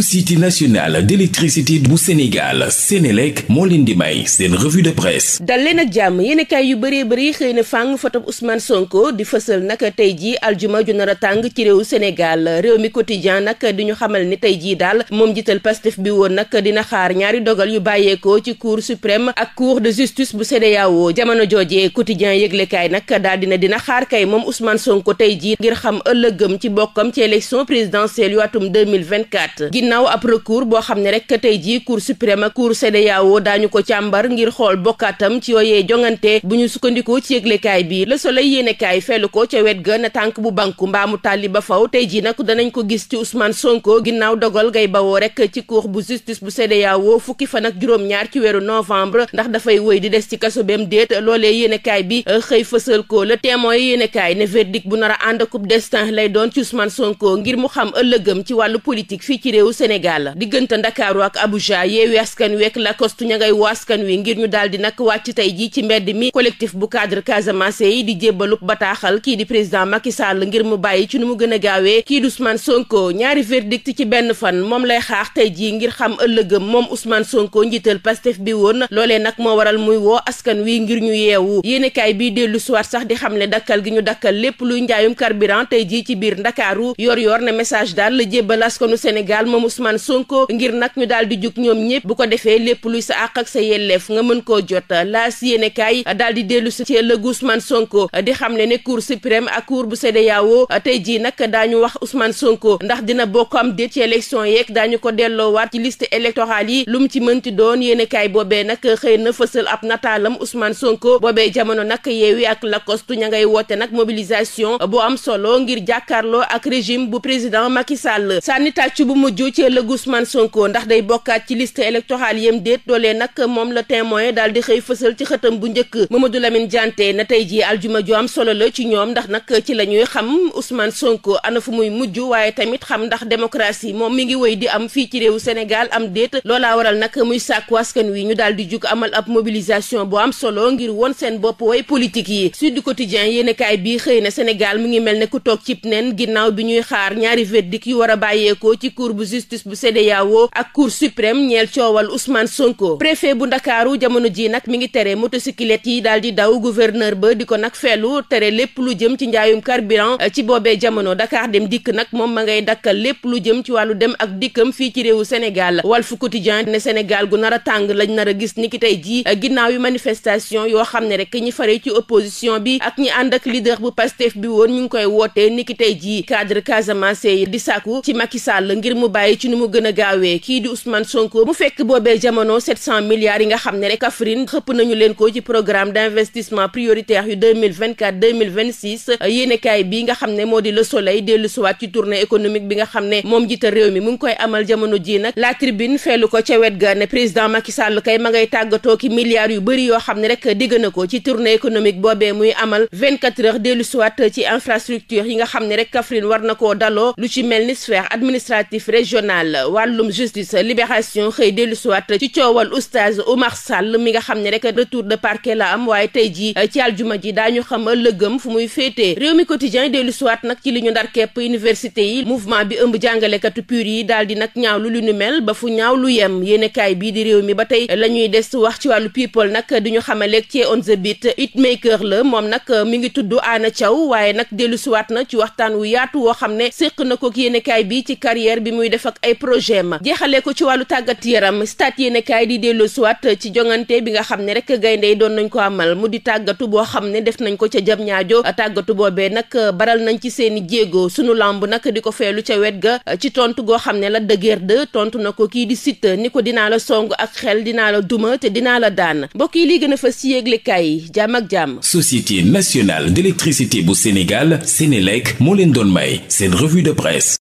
société nationale d'électricité bu Sénégal Sénélec moo leen di may seen revue de presse dal leen ak jàmm yéenekaay yu bëree bëri xëy na fàng foto Ousmane Sonko di fësal nag tey jii aljuma ju nar a tàng ci réew Sénégal réew mi quotidien nag di ñu xamal ni tey jii daal moom jiital Pastef bi woon nag dina xaar ñaari dogal yu bàyyeekoo ci cour suprême ak cour de justice bu CEDEAO jamono joojee quotidien yëglekaay nag daal dina dina xaar kay moom Ousmane ginnaaw ab recours boo xam ne rek tey jii cour suprême ak cour CEDEAO daañu ko càmbar ngir xool bokkaatam ci yooyee jongante bu ñu sukkandikoo ci yëglekaay bi Le Soleil yéenekaay fellu ko ca wet ga na tànk bu banku mbaamu tàlli ba faw tey jii nag danañ ko gis ci Ousmane Sonko ginnaaw dogal gay bawoo rek ci cour bu justice bu CEDEAO fukki fan ak juróom-ñaar ci weeru novembre ndax dafay wéy di des ci kaso bem déet loolee yéenekaay bi euh, xëy fësal ko Le Témoin yéenekaay ne verdict bu nar a ànd ak destin lay doon ci Ousmane Sonko ngir mu xam ëllëgëm ci wàllu politique fii ci réewu Sénégal diggante Ndakaaru ak Abuja yeewi askan wi ak Lacoste ña ngay woo askan wi ngir ñu daal di nag wàcc tey jii ci mbedd mi collectif bu cadre Casamance yi di jébbalu bataaxal kii di président Macky Sall ngir mu bàyyi ci nu mu gën a gaawee kii di Ousmane Sonko ñaari verdict ci benn fan moom lay xaax tey jii ngir xam ëllëgëm moom Ousmane Sonko njiital Pastef bi woon loolee nag moo waral muy woo askan wi ngir ñu yeewu yéenekaay bii dellu siwaat sax di xam ne dakkal gi ñu dakkal lépp luy njaayum carburant jii ci biir Ndakaaru yor yor na message daal la jébbal askanu Sénégal moom Ousmane Sonko ngir nag ñu daal di jug ñoom ñëpp bu ko defee lépp luy sa àq ak sa yelleef nga mën koo jot laas yéene kaay daal di dellu si ci lëgu Ousmane Sonko di xam ne ne cour suprême ak cour bu CEDEAO tey jii nag daañu wax Ousmane Sonko ndax dina bokk am déet ci élection yeeg daañu ko delloo delloowaat ci liste électorale yi lu mu ci mënti doon yéene boobee nag xëy na fësal ab nataalam Ousmane Sonko boobee jamono nag yeewi ak lakostu ña ngay woote nag mobilisation bu am solo ngir jàkkaarloo ak aju ci ëllëg Ousmane Sonko ndax day bokkaat ci liste électorale yem déet loolee nag moom la témoin daal di xëy fësal ci xëtam bu njëkk Mamadou Lamine Diante na tey jii aljuma ju am solo la ci ñoom ndax nag ci la ñuy xam Ousmane Sonko ana fu muy mujj waaye tamit xam ndax démocratie moom mi ngi woy di am fii ci réewu Sénégal am déet loolaa waral nag muy sàkku askan wi ñu daal di jug amal ab mobilisation bu am solo ngir won seen bopp way politique yi Sud Quotidien ngi mel ne ku toog cib nen ginnaaw bi ñuy xaar ñaari verdict yu war a bàyyeekoo ci justice bu CEDEAO ak cour suprême ñeel coowal Ousmane Sonko préfet bu ndakaaru jamono ji nag mi ngi tere motocyclette yi daal di daw gouverneur ba di ko nag feelu tere lépp lu jëm ci njaayum carburant eh, ci boobee jamono Dakar dem dikk nag moom ma ngay dakkal lépp lu jëm ci wàllu dem ak dikkam fii ci réewu Sénégal Walf Quotidien ne Sénégal gu nar a tàng lañ nar a gis ni ki eh, ginnaaw yu manifestation yoo xam ne rek ñi fare bi ak ñi ànd ak leader bu Pastef bi woon yi ci Macky bàyyi ci nu mu gën a gaawee kii di Ousmane Sonko mu fekk boobee jamono 700 milliards yi nga xam ne rek Kaffrine xëpp nañu leen ko ci programme d' prioritaire yu yéenekaay bi nga xam ne moo di Le Soleil dellu siwaat moom jiite réew mi mu ngi koy amal jamono ji nag La feelu ko ca wet ga ne président Macky kay ma ngay tàggatoo ki milliards yu bëri yoo xam ne rek digg na ko ci tournée économique boobee muy amal 24 heures dellu siwaat ci infrastructure yi nga xam ne rek Kaffrine na koo daloo journal wàllum justice libération xëy dellu siwaat ci coowal oustaz Oumar Sall mi nga xam ne rek retour de parquet la am waaye tey jii ci aljuma ji daañu xam lëgëm fu muy féetee réew mi quotidien dellu siwaat nag ci li ñu ndar université yi mouvement bi ëmb jàngalekatu pur yi daal di nag ñaaw lu lu nu mel ba fu ñaaw lu yem yéenekaay bii di réew mi ba tey la ñuy des wax ci wàllu people nag di ñu xamaleeg ci on the beat hitmaker la moom nag mi ngi tudd Anna Thiaw waaye nag dellu siwaat na ci waxtaan wu yaatu woo xam ne séq na ko yéenekaay def ay projet ma jeexalee ko ci wàllu tàggat yaram stade yéenekaay di dellu siwaat ci jongante bi nga xam ne rek gaynde yi doon nañ ko amal mu di tàggatu boo xam ne def nañ ko ca jam ñaajo tàggatu boobee nag baral nañ ci seeni jéego sunu làmb nag di ko feelu ca wet ga ci tontu goo xam ne la dëgër de tontu na ko kii di Siteu ni ko dinaa la song ak xel dinaa la duma te dinaa la daan mbokk yi li gën a fas ci yéeglekaay yi jàmm ak jàmm société nationale d'électricité bu Sénégal Sénélec moo leen doon may seen de presse